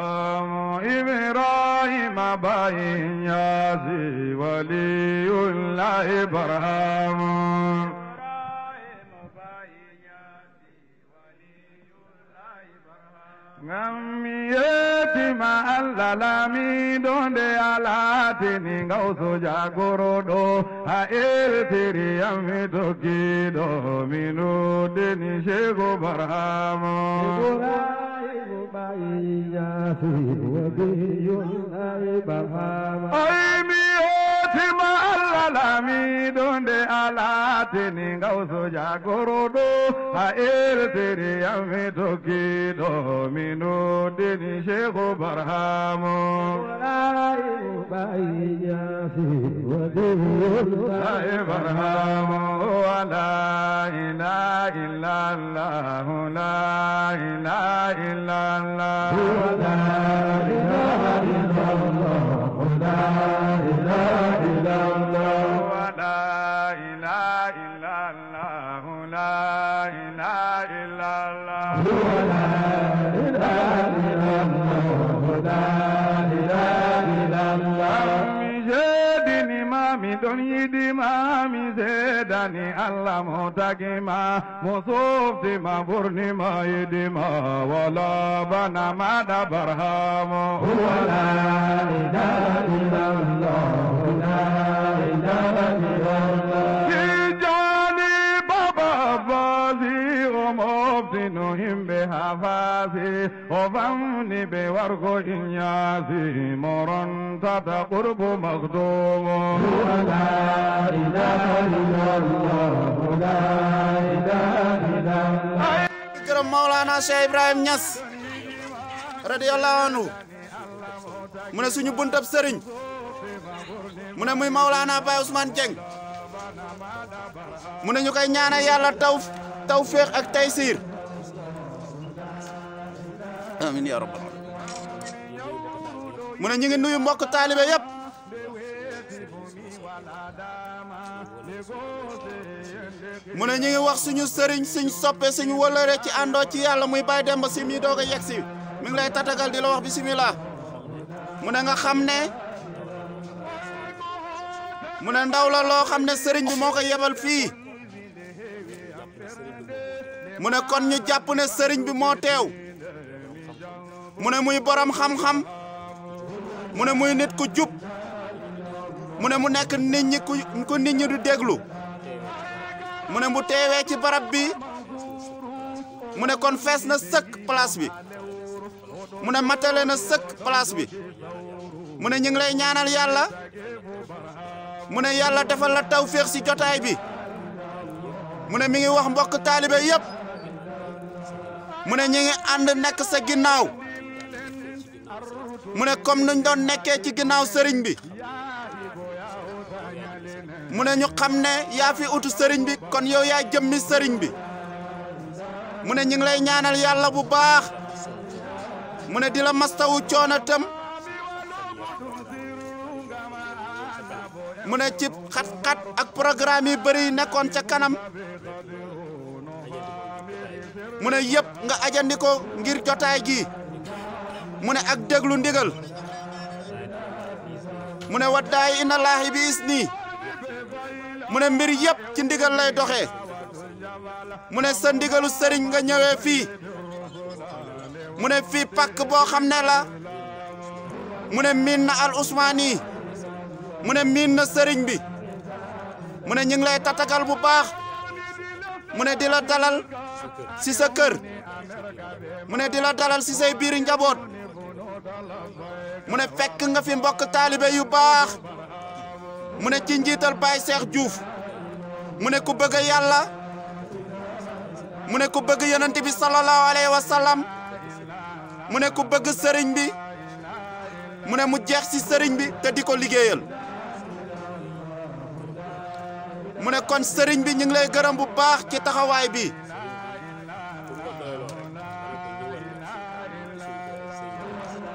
إبراهيم بين يازي ولي الله إبراهيم Ngamiyeti ma alalami donde alati ni ngauso jagorodo ha eltiri ami tokido minu deni shego barhamo. إياتي وبي أيب فاما أيمي أوتي ما ألا لميد ألا tini ngawso jagoroɗo ha elteri yammi tokkiɗo mi noddini cheikhu barhamo barhamo wala ila illa allah la ila illa allah ni Allah mutagima musufti ma burni ma yidima wala bana ma da barhamu huwa la ilaha illallah la ilaha illallah mawɗino himɓe haa faasi o famni ɓe wargo inyaasi moron tata qurbu makdumo gërëm mawlana cheikh ibrahim ñas radiallahu mu ne suñu buntab sëriñ mu ne muy mawlana baye ousmane dieng mu ne ñu koy ñaanal yàlla taw ak taysiir amin yaa rabbal alamin mu ne ñu ngi nuyu mbokk taalibe yëpp mu ne ñu ngi wax suñu sëriñ suñ soppe suñ wëlëre ci àndoo ci yàlla muy Baye Demba Sy mi doog a ngi lay tatagal di la wax bisimilah mu ne nga xam ne mu ne ndaw la loo xam ne sëriñ bi moo ko yebal fii mu ne kon ñu jàpp ne sëriñ bi moo teew mu ne muy borom xam-xam mu ne muy nit ku jub mu ne mu nekk nit ñi ku ku du déglu mu ne mu teewee ci barab bi mu ne kon fees na sëkk place bi mu ne matale na sëkk place bi mu ne ñu ngi ñaanal yàlla mu ne yàlla defal la tawféex si jotaay bi mu ne mi ngi wax mbokk taalibe yépp mu ne ñu ànd nekk sa ginnaaw mu ne comme nuñ doon nekkee ci ginnaaw sëriñ bi mu ne ñu xam ne yaa fi utu sëriñ bi kon yow yaa jëmmi sëriñ bi mu ne ñu ngi ñaanal yàlla bu baax mu ne di la mastawu coono tam mu ne ci xat-xat ak programme yi nekkoon ca kanam mu ne yëpp nga ajandi ngir jotaay gi mu ne ak déglu ndigal mu ne waddaay inna laahi bi is nii mu ne mbir yépp ci ndigal lay doxee mu ne sa ndigalu sëriñ nga ñëwee fii mu ne fii pàkk boo xam ne la mu ne miin na al usmaan yi mu ne miin na sëriñ bi mu ne ñu ngi tatagal bu baax mu ne di dalal si sa kër mu ne di la dalal si say biir njaboot mu ne fekk nga fi mbokk taalibe yu baax mu ne ci njiital Baye Cheikh juuf mu ne ku bëgg yàlla mu ne ku bëgg yonent bi sallallahu alayhi wa sallam mu ne ku bëgg sëriñ bi mu ne mu jeex ci sëriñ bi te di ko liggéeyal mu ne kon sëriñ bi ñu ngi lay gërëm bu baax ci taxawaay bi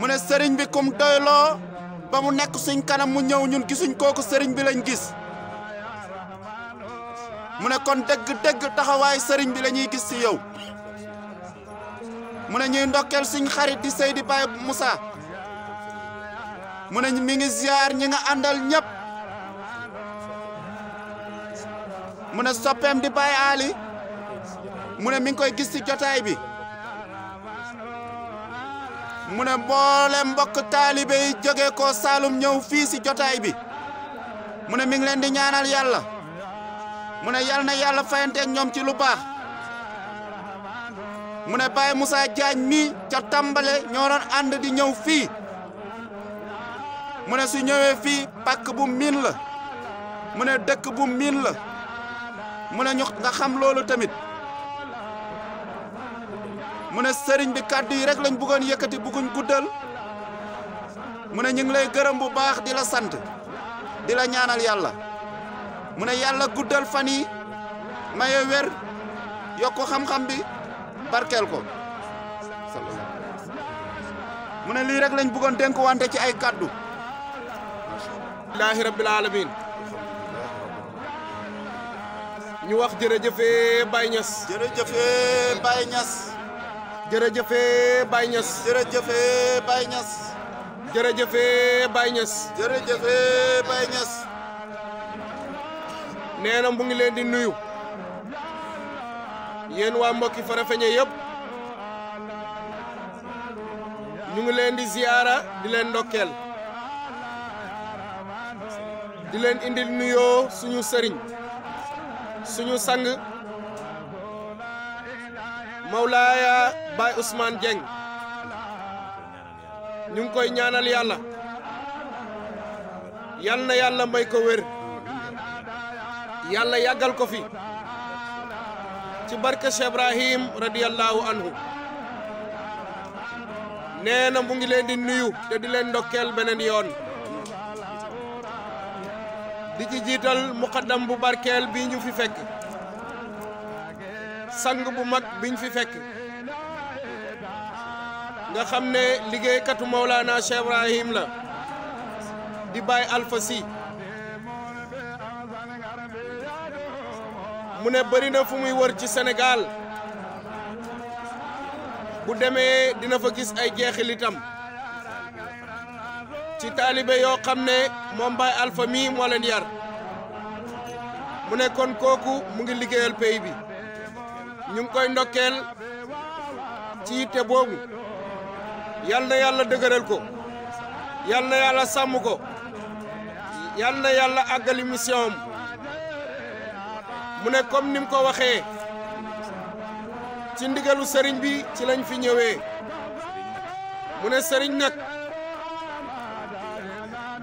mu ne sëriñ bi kum doyloo ba mu nekk suñ kanam mu ñëw ñun gisuñ kooku sëriñ bi lañ gis mu ne kon taxawaay sëriñ bi la ñuy gis ci yow mu ne ñuy ndokkeel suñ xarit di Seydi Baye Moussa mu ne mi ngi ziar ñi nga àndal ñëpp mu ne soppeem di Baye Ali mu ne mi ngi koy gis ci jotaay bi mu ne mboolem mbokk taalibe jóge ko Saalum ñëw fii si jotaay bi mu ne mi leen di ñaanal yàlla mu ne yàlla na yàlla fayanteeg ñoom ci lu baax mu ne Baye Moussa Diagne mii ca tàmbale ñoo doon ànd di ñëw fii mu ne su ñëwee fii pàkk bu miin la mu ne dëkk bu miin la mu ne ñu nga xam loolu tamit mu ne sëriñ bi kàddu yi rek lañ bëggoon yëkkati bëgguñ guddal mu ne ñu ngi gërëm bu baax di la sant di la ñaanal yàlla mu ne yàlla guddal fan yi maye wér yokku xam bi barkeel ko mu ne lii rek lañ buggoon dénkuwante ci ay kàddu alhamdulilahi rabbil alamin ñu wax jërëjëfee Baye Niass jërëjëfee jërëjëfee Baye Niass. jërëjëfee Baye Niass. jërëjëfee Baye jërëjëfee Baye Niass. nee na mu ngi leen di nuyu. yéen waa mbokki Farafeñe yëpp. ñu ngi leen di ziyaara di leen ndokkeel. di leen indil nuyoo suñu sëriñ. suñu sang. Mawlaaya Baye Ousmane Dieng ñu koy ñaanal yàlla yal na yàlla may ko wér yàlla yàggal ko fi ci barke Cheikh Ibrahim radiyallahu anhu nee na mu ngi leen di nuyu te di leen ndokkeel beneen yoon di ci jiital muqaddam barkeel bii ñu fi fekk. sang bu mag biñ fi fekk nga xam ne liggéeykatu Mawlana Cheikh la di bàyyi Alpha mu ne bëri na fu muy wër ci senegaal bu demee dina fa gis ay jeexilitam ci taalibe yoo xam ne moom Baye Alpha mii mu ne kon kooku mu ngi liggéeyal pays bi ñu koy ndokkeel ci yitte boobu yal na yàlla dëgëral ko yal na yàlla sàmm ko yal na yàlla àggali mission mu ne comme ni ko waxee ci ndigalu sëriñ bi ci lañ fi ñëwee mu ne sëriñ nag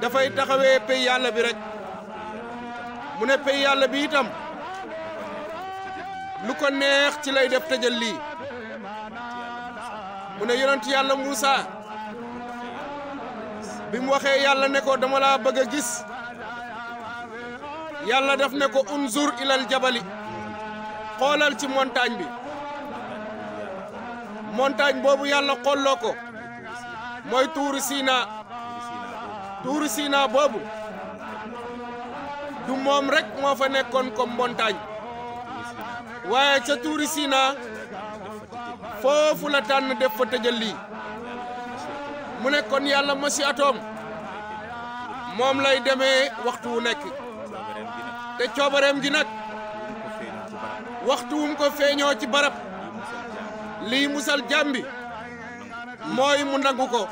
dafay taxawee pay yàlla bi rek mu ne pay yàlla bi itam lu ko neex ci lay def tëjal lii mu ne yonentu yàlla Moussa bi mu waxee yàlla ne ko dama laa bëgg a gis yàlla def ne ko unzur ilal jabali xoolal ci montagne bi montagne boobu yàlla xolloo ko mooy tuuru Sina tuuru Sina boobu du moom rek moo fa nekkoon comme montagne waaye ca tuuri Siina foofu la tànn def fa tëjalli mu ne kon yàlla masi atoom moom lay demee waxtu wu nekk te coobareem gi nag waxtu wum ko feeñoo ci barab lii musal jàmbi mooy mu nangu ko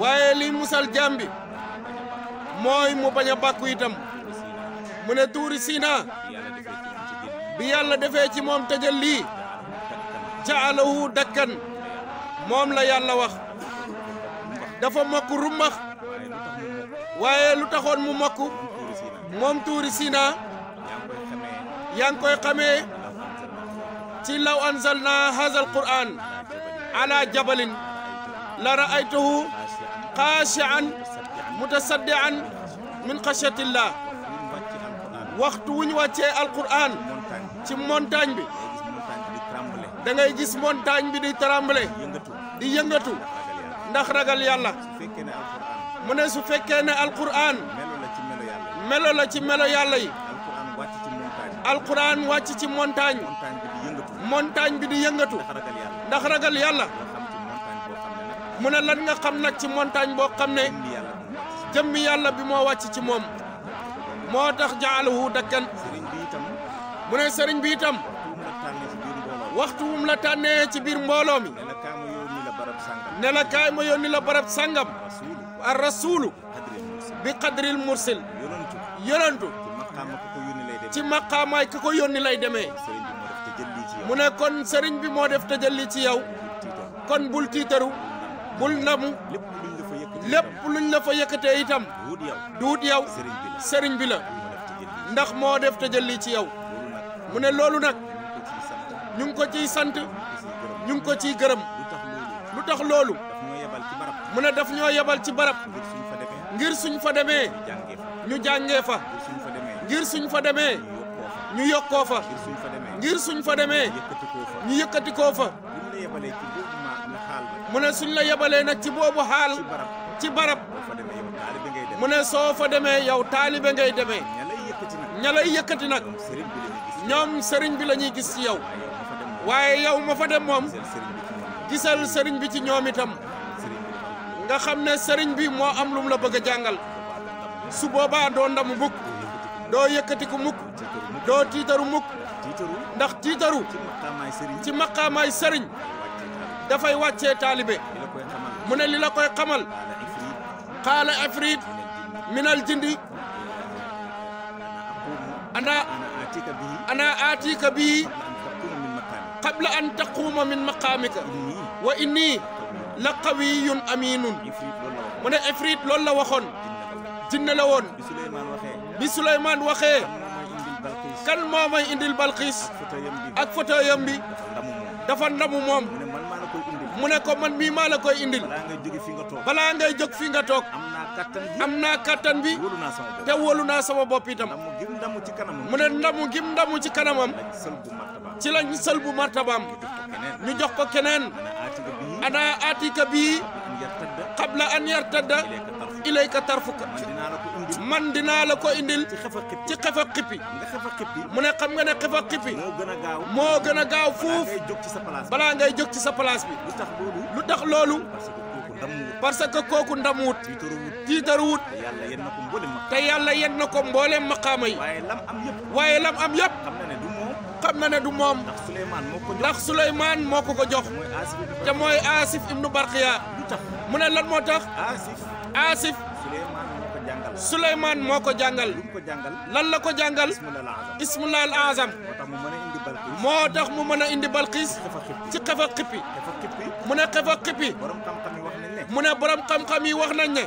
waaye lii musal jàmbi mooy mu bañ a bàkku itam mu ne tuuri Siina bi yàlla defee ci moom tëjal lii jaalahu dakkan moom la yàlla wax dafa mokk rumbax waaye lu taxoon mu mokk moom tuuri Sina yaa koy xamee ci law anzalna hazal qur'an ala jabalin la ra'aytahu xaashi'an mutasaddi'an min xashyatillah waxtu wu ñu wàccee alqur'an ci montagne bi. danga ngay gis montagne bi di trembler. di yëngatu. ndax ragal yàlla. mu ne su fekkee ne alquran. melo la ci melo yàlla yi. alquran wàcc ci montagne. montagne bi di yëngatu. ndax ragal yàlla. mu ne lan nga xam nag ci montagne boo xam ne. jëmmi yàlla bi moo wàcc ci moom. moo tax jaaluhu dakkan mu ne sëriñ bi itam waxtu wum la tànnee ci biir mbooloo mi ne la kaay ma yónni la barab sàngam ar rasuulu bi qadril mursil ci maqaamaay ki ko yónni lay demee mu ne kon sëriñ bi moo def tajalli ci yow kon bul tiitaru bul ndamu lépp luñ la fa yëkkatee itam duut yow sëriñ bi la ndax moo def tajalli ci yow mu ne loolu nag ñu ngi ko ciy sant ñu ngi ko ciy gërëm lu tax loolu mun a daf ñoo yebal ci barab ngir suñ fa demee ñu jàngee fa ngir suñ fa demee ñu yokkoo fa ngir suñ fa demee ñu yëkkatikoo fa mu ne suñ la yebalee nag ci boobu xaal ci barab mu ne soo fa demee yow taalibe ngay demee ñal lay yëkkati nag ñoom sëriñ bi la ñuy gis ci yow waaye yow ma fa dem moom gisal sëriñ bi ci ñoom itam nga xam ne sëriñ bi moo am lum la bëgg a jàngal su boobaa doo ndamu mukk doo yëkkatiku mukk doo tiitaru mukk ndax tiitaru ci maqaamaay sëriñ dafay wàccee taalibe mu ne li la koy xamal xaala ifrit minal jindi آتيك به أنا آتيك به قبل أن تقوم من مقامك وإني لقوي أمين mu ne Ifrit loolu la waxoon jinne la woon bi Souleymane waxee kan moo indil Balxiis ak foto yam bi dafa ndamu moom mu ne ko man mii maa la koy indil. balaa ngay jóg fi nga toog balaa ngay jóg fi nga toog. am naa kattan bi te wóolu naa sama bopp itam. mu ne ndamu gim ndamu ci kanamam. ci lañ sël bu martabaam. ñu jox ko keneen. ana atika bii. qabla an yartadda ilayka tarfuka. man dinaa la ko indil. ci xefa xippi ci xefa xippi. nga xefa xippi. mu ne xam nga ne xefa xippi. moo gën a gaaw moo gën a gaaw fuuf. balaa ngay jóg ci sa place bi balaa ngay jóg ci sa place bi. lu tax loolu. lu parce que kooku ndam wut. tiitaru wut. te yàlla yegg na ko mbooleem maqaama yi. waaye lam am yëpp. waaye lam am yëpp. xam na ne du moom. ndax Souleymane moo ko ko jox. te mooy Asif ibnu Barxiya mu ne lan moo tax. Asif. Souleymane moo ko jàngal lan la ko jàngal ismullah al azam moo tax mu mën a indi balxiis ci xefa xippi mu ne xefa xippi mu ne borom xam-xam yi wax nañ ne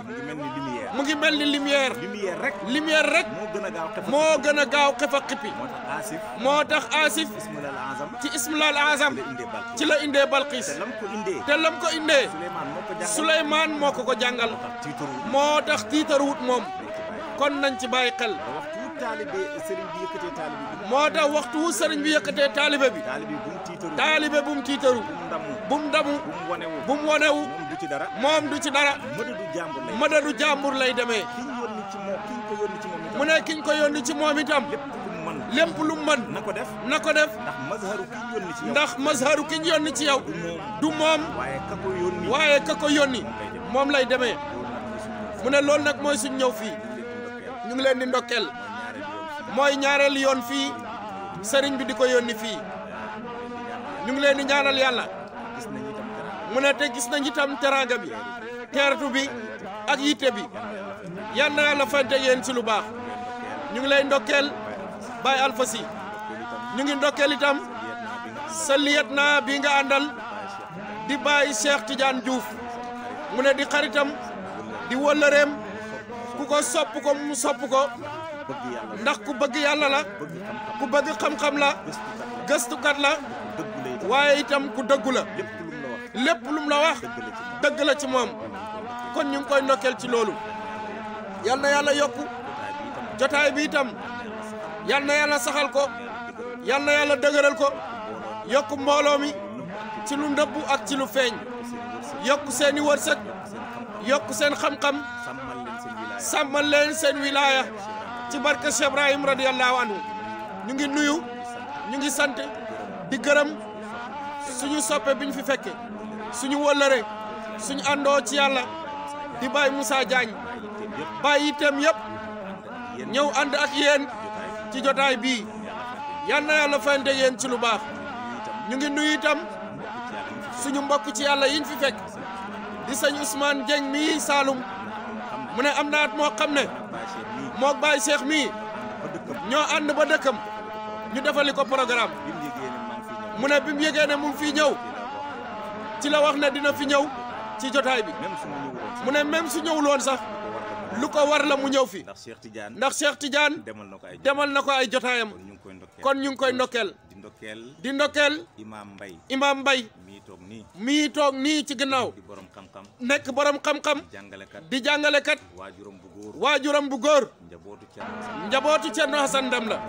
mu ngi mel ni lumière. lumière rek lumière rek. moo gën a gaaw moo gën a gaaw xefa moo tax Asif. ci ismulal azam. ci la indee Balqis. te lam ko indee. te lam ko indee. Souleymane moo ko ko jàngal. moo tax tiitaruwut moom. kon nañ ci bàyyi xel. moo tax waxtu wu sëriñ bi yëkkatee taalibe bi. taalibe bu mu tiitaru. bu mu ndamu. bu mu du ci dara. moom du ci dara. madadu jàmbur lay madadu jàmbur lay demee. ki ki ko ci moom itam. mu ne ki ñu ko yónni ci moom itam. lépp lu mën na ko def na ndax mazharu ki ñu ci yow du moom waaye ka ko yónni moom lay demee mu ne loolu nag mooy si ñëw fii ñu leen di ndokkeel mooy ñaareel yoon fii sëriñ bi di ko yónni fii ñu leen di ñaanal yàlla mu ne te gis nañ itam teraanga bi teertu bi ak yitte bi yan na yàlla fante yéen ci lu baax ñu ngi lay ndokkeel Baye Alpha ñu ngi ndokkeel itam sa liyet bi nga àndal di bàyyi Cheikh tijaan Diouf mu ne di xaritam di wëllëreem ku ko sopp ko mu sopp ko ndax ku bëgg yàlla la ku bëgg xam-xam la gëstukat la waaye itam ku dëggu la lépp lu mu la wax dëgg ci moom kon ñu koy ndokkeel ci loolu yal na yàlla yokku jotaay bi itam yal na yàlla saxal ko yal yàlla dëgëral ko yokku mbooloo mi ci lu ndëbb ak ci lu feeñ yokk seeni wërsëg yokk seen xamxam xam sàmmal leen seen wilaaya ci barke Cheikh Ibrahim radiyallahu anhu ñu ngi nuyu ñu ngi sant di gërëm suñu bi ñu fi fekke suñu wëllëre suñu àndoo ci yàlla di Baye Moussa Diagne bàyyi yitteem yëpp ñëw ànd ak yéen ci jotaay bii yal na yàlla fayante yéen ci lu baax ñu ngi nuyu itam suñu mbokk ci yàlla yiñ fi fekk di sëñ Ousmane Dieng mii Saalum mu ne am naat moo xam ne moo Baye Cheikh mii ñoo ànd ba dëkkam ñu defali ko programme mu ne bi mu yëgee mu ngi ñëw ci la wax ne dina fi ñëw ci jotaay bi mu ne même su ñëwul woon sax lu ko war la mu ñëw fi ndax seex Tidiane ndax Cheikh Tidiane demal na ko ay jotaayam kon ñu ngi koy ndokkeel di ndokkeel imaam mbay imaam Mbaye mii toog nii ci ginnaaw nekk borom xam-xam di jàngalekat waajuram bu góor njabootu Cerno Hasan Dam la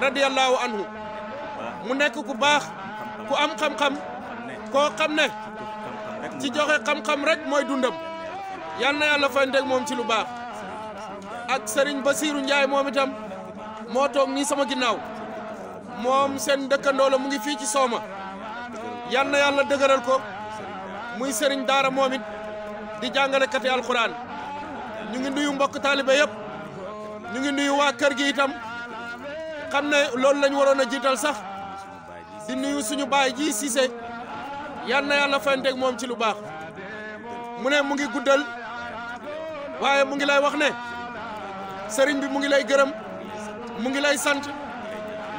radiyallahu anhu mu nekk ku baax ku am xam-xam koo xam ne ci joxe xam-xam rek mooy dundam yal na yàlla fanteeg moom ci lu baax ak Serigne Basirou Ndiaye moom itam moo toog nii sama ginnaaw moom seen dëkkandoo la mu ngi fii ci Sooma yal na yàlla dëgëral ko muy sëriñ Daara moom it di jàngale kati alxuraan ñu ngi nuyu mbokk taalibe yëpp ñu ngi nuyu waa kër gi itam xam ne loolu lañu waroon a jiital sax di nuyu suñu baay ji Cissé. yan na yàlla fayanteeg moom ci lu baax mu ne mu ngi guddal waaye mu ngi lay wax ne sëriñ bi mu ngi lay gërëm mu ngi lay sant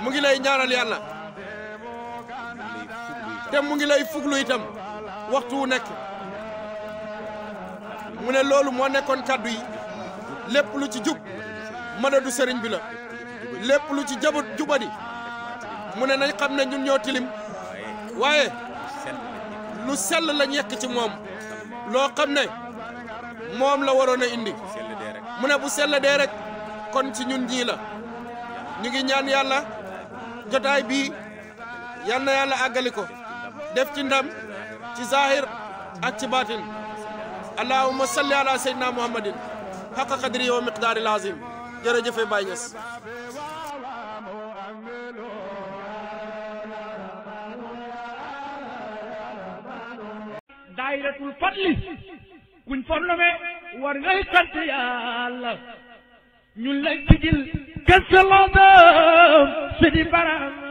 mu ngi lay ñaanal yàlla te mu ngi lay fuglu itam waxtu wu nekk mu ne loolu moo nekkoon kàddu yi lépp lu ci jub madadu sëriñ bi la lépp lu ci jabut jubadi mu ne nañ xam ne ñun ñoo tilim waaye lu sell lañ yekk ci moom loo xam ne moom la waroon a indi mu ne bu sell dee rek kon ci ñun ñii la ñu ngi ñaan yàlla jotaay bii yal na yàlla àggali ko def ci ndam ci zahir ak ci baatin allahumma salli ala sayyidina muhammadin haqa qadri wa miqdaari lazim jërëjëfe Baye Niass daayiratul fadli kuñ fornome war ngay sant yàlla ñun lañ sigil gëstaloon sidi baram